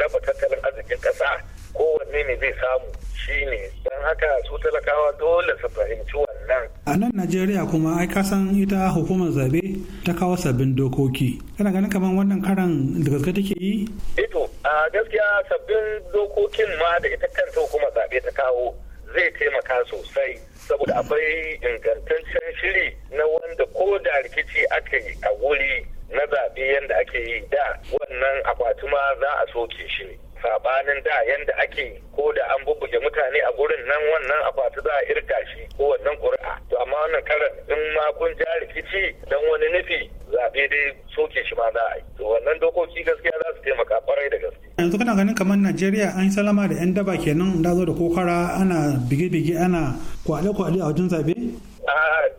raba tattalin arzikin kasa kowanne ne zai samu shi ne don haka su talakawa dole su fahimci wannan a nan najeriya kuma ai kasan ita hukumar zabe ta kawo sabbin dokoki kana ganin kamar wannan karan da gaske take yi eto eh a gaskiya sabbin dokokin ma da ita kanta hukumar zabe ta kawo zai taimaka sosai saboda akwai ingantaccen shiri na wanda ko da rikici aka yi a wuri na zaɓe yadda ake yi da wannan akwatuma za a soke shi ne sabanin da yadda ake ko da an bubuge mutane a gurin nan wannan akwati za a irka shi ko wannan ƙuri'a to amma wannan karan in ma kun ja rikici dan wani nufi zaɓe dai soke shi ma za a yi to wannan dokoki gaskiya za su taimaka ƙwarai da gaske yanzu kana ganin kamar najeriya an yi salama da yan daba kenan da zo da kokara ana bige-bige ana kwale-kwale a wajen zaɓe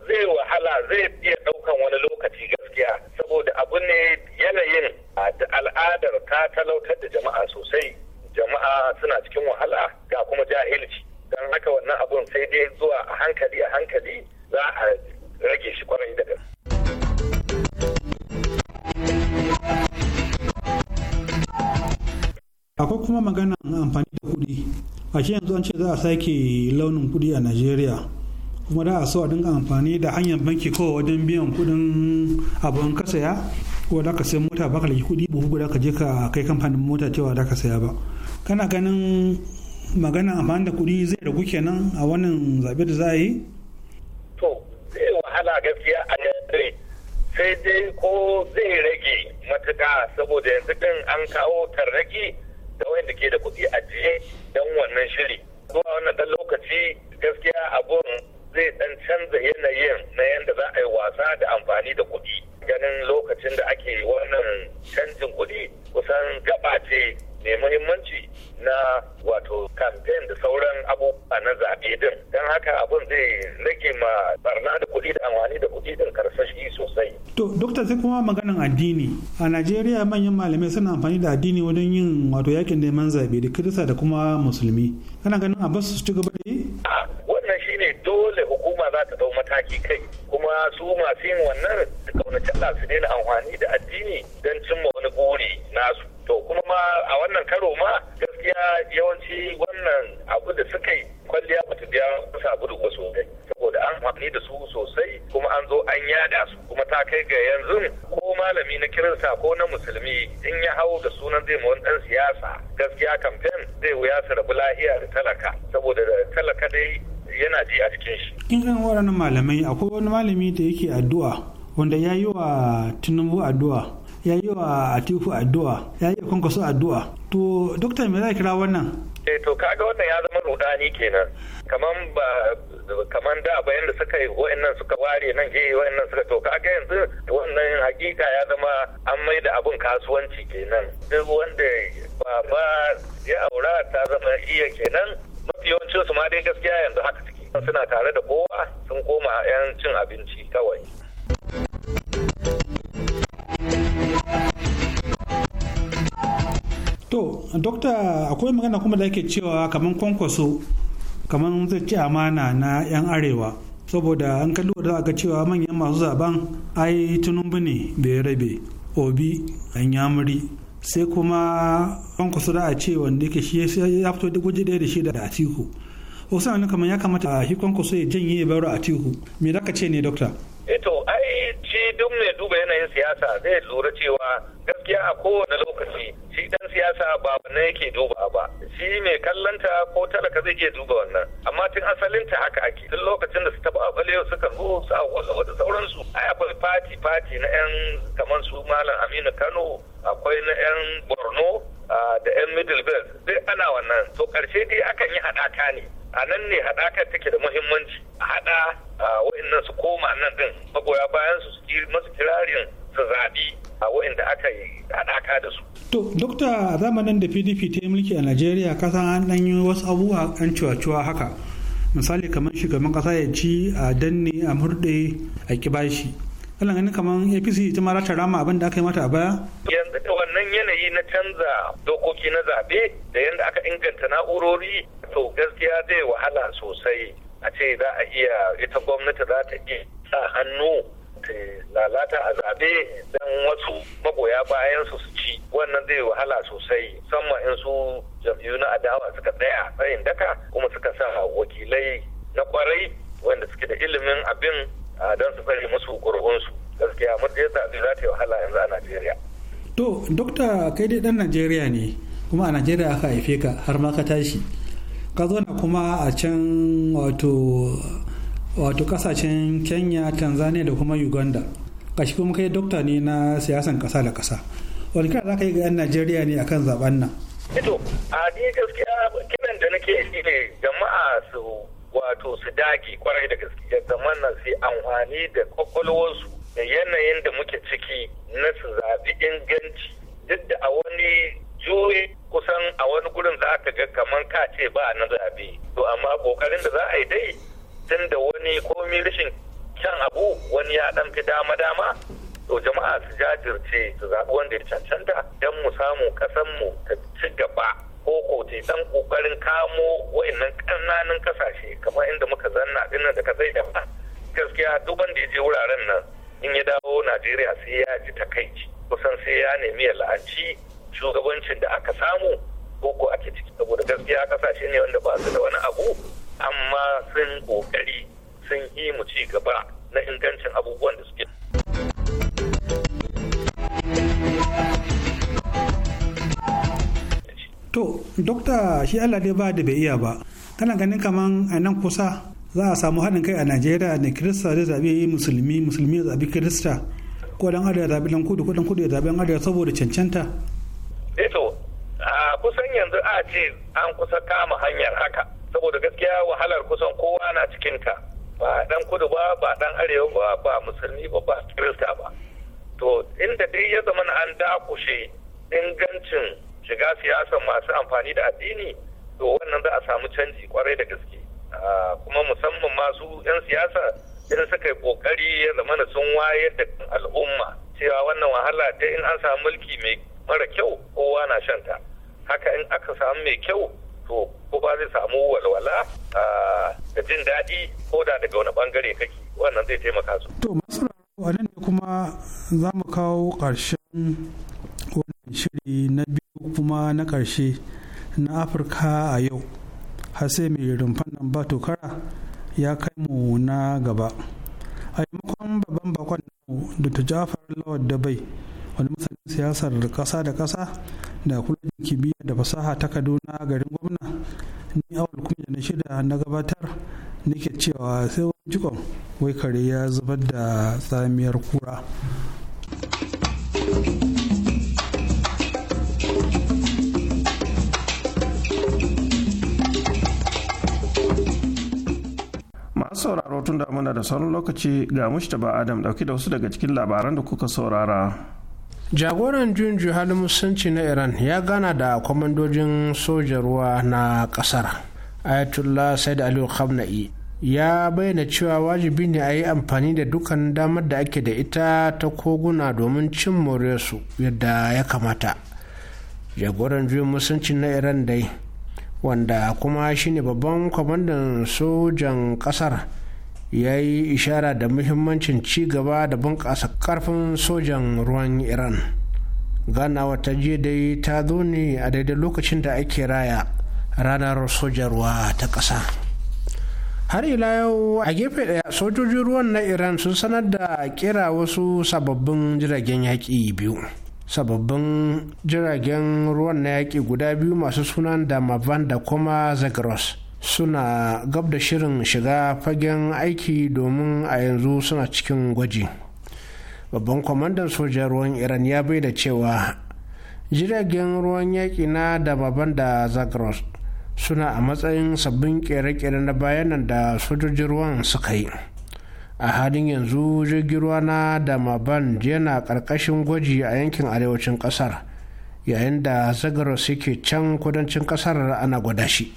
zai wahala zai iya ɗaukan wani lokaci gaskiya saboda abu ne yanayin da al'adar ta talautar da jama'a sosai jama'a suna cikin wahala ga kuma jahilci don haka wannan abun sai dai zuwa a hankali a hankali za a rage shi kwarai da akwai kuma maganan amfani da kuɗi a shi yanzu an ce za a sake launin kuɗi a najeriya kuma da a so a dinga amfani da hanyar banki kowa wajen biyan kuɗin abun in kasaya ko da ka sai mota baka da kuɗi buhu guda ka je ka kai kamfanin mota cewa da ka saya ba kana ganin magana amfani da kuɗi zai ragu kenan a wannan zabe da za yi to zai wahala gaskiya a yanzu sai dai ko zai rage matuƙa saboda yanzu ɗin an kawo tarraki da wanda ke da kuɗi a jiye don wannan shiri zuwa wannan dan lokaci gaskiya abun zai dan canza yanayin na yadda za a yi wasa da amfani da kuɗi ganin lokacin da ake wannan canjin kuɗi kusan gaba ce mai muhimmanci na wato kamfen da sauran abubuwa na zaɓe din don haka abin zai rage ma barna da kuɗi da amfani da kuɗi din karsashi sosai. To, Dokta sai kuma maganan addini. A Najeriya manyan malamai suna amfani da addini wajen yin wato yakin neman zaɓe da Kirista da kuma Musulmi. Kana ganin a basu su ci gaba da yi? shine dole hukuma za ta dau mataki kai kuma su masu yin wannan da kaunaci Allah su daina amfani da addini don cimma wani buri nasu to kuma ma a wannan karo ma gaskiya yawanci wannan abu da suka yi kwalliya ba ta biya gudu ba sosai saboda an amfani da su sosai kuma an zo an yada su kuma ta kai ga yanzu ko malami na kirista ko na musulmi in ya hau da sunan zai wani dan siyasa gaskiya kamfen zai wuya su rabu lahiya da talaka saboda talaka dai yana ji a cikin shi in kan waɗannan malamai akwai wani malami da yake addu'a wanda ya yi wa tinubu addu'a ya yi wa atiku addu'a ya yi wa addu'a to dokta me za kira wannan eh to kaga wannan ya zama rudani kenan kaman ba kaman da bayan da suka yi wa'annan suka ware nan eh wa'annan suka to kaga yanzu wannan hakika ya zama an mai da abun kasuwanci kenan duk wanda ba ya aura ta zama iya kenan mafi yawancin su ma dai gaskiya yanzu haka suke suna tare da kowa sun koma yan cin abinci kawai to dokta akwai magana kuma da ake cewa kaman kwankwaso kaman zai ci amana na 'yan arewa saboda an kalli da aka cewa manyan masu zaben ai tunumbu ne bai rabe obi an yamuri sai kuma an kusa da a ce wanda yake shi ya fito duk waje ɗaya da shi da atiku wasu kamar ya kamata a hikon kusa ya janye ya bayar atiku me da ka ce ne dokta Eto, eh ai shi duk mai duba yanayin siyasa zai lura cewa gaskiya a kowane lokaci shi dan siyasa ba wannan yake duba ba. Shi mai kallanta ko talaka zai iya duba wannan. Amma tun asalinta ta haka ake. Tun lokacin da su taba abalewa suka zo su a wasa da sauransu. Ai akwai fati fati na yan kamar su Malam Aminu Kano akwai na yan Borno ah, da yan Middle Belt. Duk ana wannan. To karshe dai akan yi haɗaka ne. a nan ne haɗakar take da muhimmanci a haɗa wa'annan su koma nan din magoya bayan su masu kirarin su zaɓi a da aka yi haɗaka da su. To, Dokta zamanin da PDP ta yi mulki a Najeriya kasan an ɗan yi wasu abubuwa an cuwa-cuwa haka. Misali kamar shugaban ƙasa ya ci a danne a murɗe a kibashi. kana ganin kamar apc ita ma ta rama abin da aka yi mata a baya yanzu da wannan yanayi na canza dokoki na zaɓe da yadda aka inganta na'urori to gaskiya zai wahala sosai a ce za a iya ita gwamnati za ta iya sa hannu ta lalata a zaɓe don wasu magoya bayan su ci wannan zai wahala sosai musamman in su jam'iyyu na adawa suka tsaya tsayin daka kuma suka sa wakilai na kwarai wanda suke da ilimin abin don su bari musu ƙurgunsu gaskiya mutum zaɓe za ta yi wahala yanzu a najeriya to dokta kai dai ɗan najeriya ne kuma a najeriya aka haife ka har ma ka tashi ka zo na kuma a can wato wato kasashen kenya tanzania da kuma uganda kashi kuma kai dokta ne na siyasan kasa da kasa wani kira za ka yi ga yan najeriya ne akan zaben nan ito a ni gaskiya kiran da nake yi ne jama'a su wato su dage kwarai da gaske ya na su amfani da kwakwalwarsu da yanayin da muke ciki na su zaɓi inganci duk da a wani juye kusan a wani gurin za ka ga kamar ka ce ba na zaɓe to amma kokarin da za a yi dai tun da wani komi rashin kyan abu wani ya ɗan fi dama dama to jama'a su jajirce su zaɓi wanda ya cancanta don mu samu kasanmu ta ci gaba ko ta dan kokarin kamo wa'annan ƙananan kasashe kamar inda muka zanna din da ka zai da gaskiya duk wanda ya je wuraren nan in ya dawo najeriya sai ya ji takaici kusan sai ya nemi ya la'anci shugabancin da aka samu ko ake ciki saboda gaskiya kasashe ne wanda ba su da wani abu amma sun kokari sun yi mu ci gaba na ingancin abubuwan da suke to dokta shi allah dai ba da bai iya ba kana ganin kamar a nan kusa za a samu haɗin kai a najeriya ne kirista zai zaɓi musulmi musulmi ya zaɓi kirista ko dan arewa zaɓi dan kudu ko dan kudu ya zaɓi dan arewa saboda cancanta eto eh a kusan yanzu a ce an kusa kama hanyar haka saboda gaskiya wahalar kusan kowa na cikin ta ba dan kudu ba ba dan arewa ba ba musulmi ba ba kirista ba to inda dai ya zama an dakushe ingancin shiga siyasa masu amfani da addini to wannan za a samu canji kwarai da gaske ah, kuma musamman masu 'yan siyasa idan suka yi kokari ya zama na sun wayar da al'umma cewa wannan wahala ta in an samu mulki mai mara kyau kowa na shanta haka in aka samu mai kyau to kowa zai samu walwala ah, da jin daɗi ko da daga wani bangare kake wannan zai taimaka su. to masu ne kuma za mu kawo ƙarshen wannan shiri na biyu kuma na ƙarshe na afirka a yau sai mai nan ba tokara ya kai mu na gaba a makon babban bakon namu ta jafar lawal bai wani masanin siyasar ƙasa da ƙasa da kulajin kimiyya da fasaha ta kaduna garin gwamna ni awal kuma na shida na gabatar nake cewa sai wani jikon wai kare ya zubar da tsamiyar kura. masu sauraro tun da muna da sauran lokaci ga ba adam dauki da wasu daga cikin labaran da kuka saurara jagoran juyin halin musulunci na iran ya gana da kwamandojin sojan ruwa na kasar ayatullah said aliyu khamenei ya bayyana cewa wajibi ne a yi amfani da dukkan damar da ake da ita ta koguna domin cin more su yadda ya kamata jagoran juyin musulunci na iran dai wanda kuma shine babban kwamandan sojan kasar ya yi ishara da muhimmancin ci gaba da bunƙasa ƙarfin sojan ruwan iran ganawa ta je dai ta zo ne a daidai lokacin da ake raya ranar ruwa ta ƙasa har ila yau a gefe ɗaya sojojin ruwan na iran sun sanar da kira wasu sababbin jiragen yaƙi biyu sababbin jiragen ruwan na yaƙi guda biyu masu sunan damavan da kuma zagros suna gab da shirin shiga fagen aiki domin a yanzu suna cikin gwaji babban kwamandan sojan ruwan iran ya bai da cewa jiragen ruwan yaƙi na damavan da zagros suna a matsayin sabbin kere-kere na bayanan da sojojin ruwan suka yi a halin yanzu jirgin ruwa na MaBan yana ƙarƙashin gwaji a yankin arewacin ƙasar yayin da zagaros yake can kudancin ƙasar ana gwada shi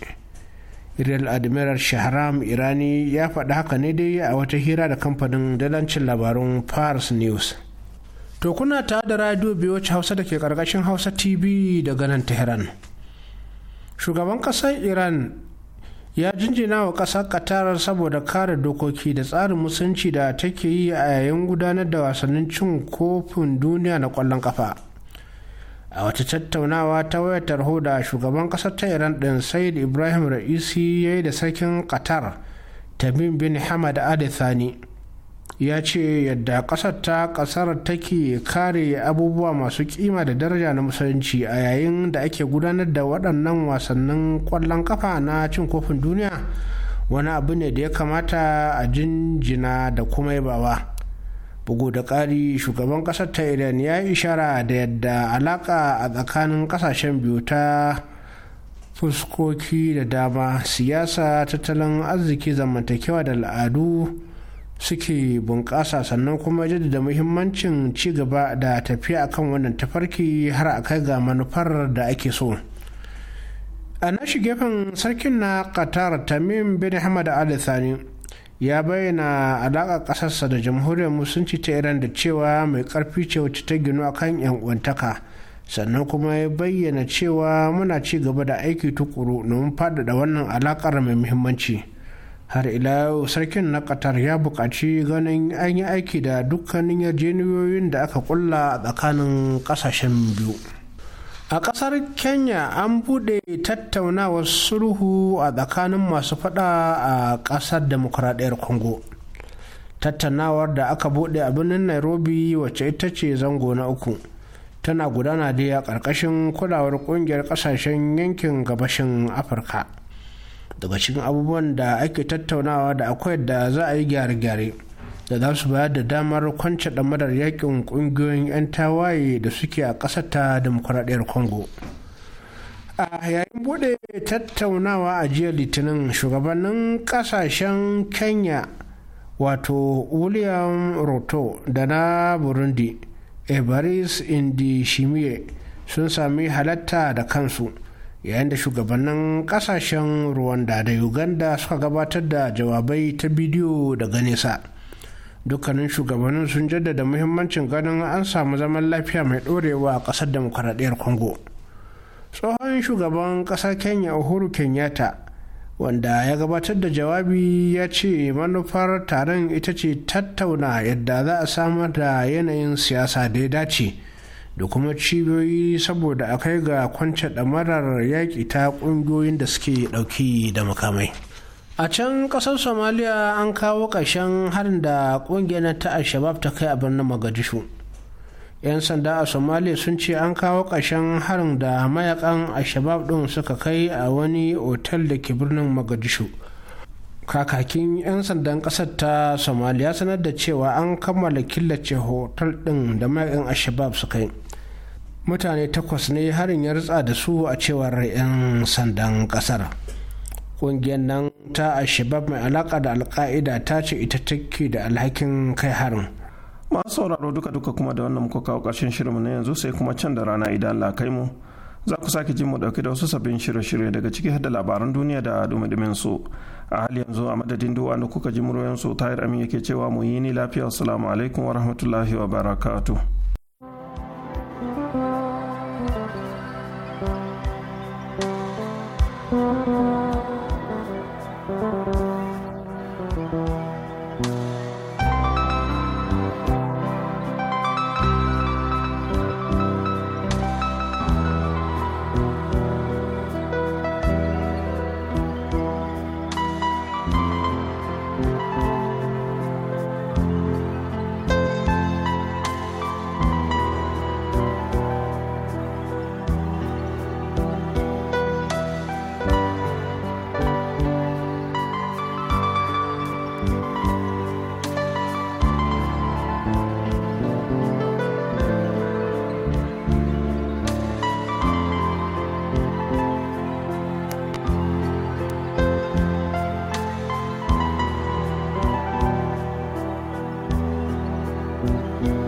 real admiral shahram irani ya faɗi haka ne dai a wata hira da kamfanin dalancin labarun fars news to kuna ta da radio biyoci hausa da ke ƙarƙashin hausa tv daga nan tehran shugaban ƙasar iran ya jinjina wa ƙasar qatar saboda kare dokoki da tsarin musunci da take yi a yayin gudanar da wasannin cin kofin duniya na ƙwallon ƙafa a wata tattaunawa ta wayar tarho da shugaban ƙasar ta iran ɗin said ibrahim ra'isi ya yi da sarkin qatar tamim bin hamad adithani ya ce yadda ƙasar ta ƙasar take kare abubuwa masu kima da daraja na musulunci a yayin da ake gudanar da waɗannan wasannin ƙwallon kafa na cin kofin duniya wani abu ne da ya kamata a jinjina da kuma yabawa bugu da ƙari shugaban ƙasar ta iran ya yi ishara da yadda alaƙa a tsakanin ƙasashen biyu ta fuskoki da dama siyasa tattalin arziki zamantakewa da al'adu suke bunƙasa sannan kuma jaddada muhimmancin ci gaba da tafiya akan wannan tafarki har a kai ga manufar da ake so a nashi gefen sarkin na qatar tamim bin hamad al thani ya bayyana alaƙar ƙasarsa da jamhuriyar musulunci ta iran da cewa mai ƙarfi ce wacce ta ginu akan yan uwantaka sannan kuma ya bayyana cewa muna ci gaba da aiki tukuru domin faɗaɗa wannan alaƙar mai muhimmanci. har ila yau sarkin na qatar ya buƙaci ganin an yi aiki da dukkanin yarjejeniyoyin da aka kulla a tsakanin ƙasashen biyu a ƙasar kenya an buɗe tattaunawar sulhu a tsakanin masu faɗa a ƙasar demokuraɗiyar congo tattaunawar da aka buɗe a birnin nairobi wacce ita ce zango na uku tana gudana dai a ƙarƙashin kulawar ƙungiyar ƙasashen yankin gabashin afirka daga cikin abubuwan da ake tattaunawa da akwai da za a yi gyare-gyare da za su bayar da damar kwance damarar yakin kungiyoyin 'yan tawaye da suke a ƙasar ta demokuraɗiyar congo a yayin bude tattaunawa a jiya litinin shugabannin ƙasashen kenya wato william roto da na burundi ebaris indishimiye sun sami halatta da kansu yayin da shugabannin kasashen rwanda da uganda suka gabatar da jawabai ta bidiyo daga nesa dukkanin shugabannin sun jaddada muhimmancin ganin an samu zaman lafiya mai ɗorewa a ƙasar demokaradiyyar congo tsohon shugaban ƙasar kenya uhuru kenyatta wanda ya gabatar da jawabi ya ce manufar taron ita ce tattauna yadda za a samar da yanayin siyasa da ya dace da kuma cibiyoyi saboda a kai ga kwance ɗamarar yaƙi ta ƙungiyoyin da suke ɗauki da makamai a can ƙasar somaliya an kawo ƙarshen harin da ƙungiyar ta al-shabab ta kai a birnin magadishu 'yan sanda a somaliya sun ce an kawo ƙarshen harin da mayakan al ɗin suka kai a wani otal da ke birnin magadishu kakakin 'yan sandan ƙasar ta somaliya sanar da cewa an kammala killace hotel ɗin da mayakan al suka yi mutane takwas ne harin ya rutsa da su a cewar 'yan sandan kasar ƙungiyar nan ta ashabab mai alaƙa da alka'ida ta ce ita take da alhakin kai harin masu sauraro duka duka kuma da wannan muka kawo ƙarshen shirinmu na yanzu sai kuma can da rana idan Allah kai mu za ku sake jin mu dauke da wasu sabbin shirye-shirye daga ciki har da labaran duniya da dumi su a hali yanzu a madadin duwa da kuka ji muryoyin su tayar amin yake cewa mu yi ni lafiya assalamu alaikum wa rahmatullahi wa barakatuh Thank you.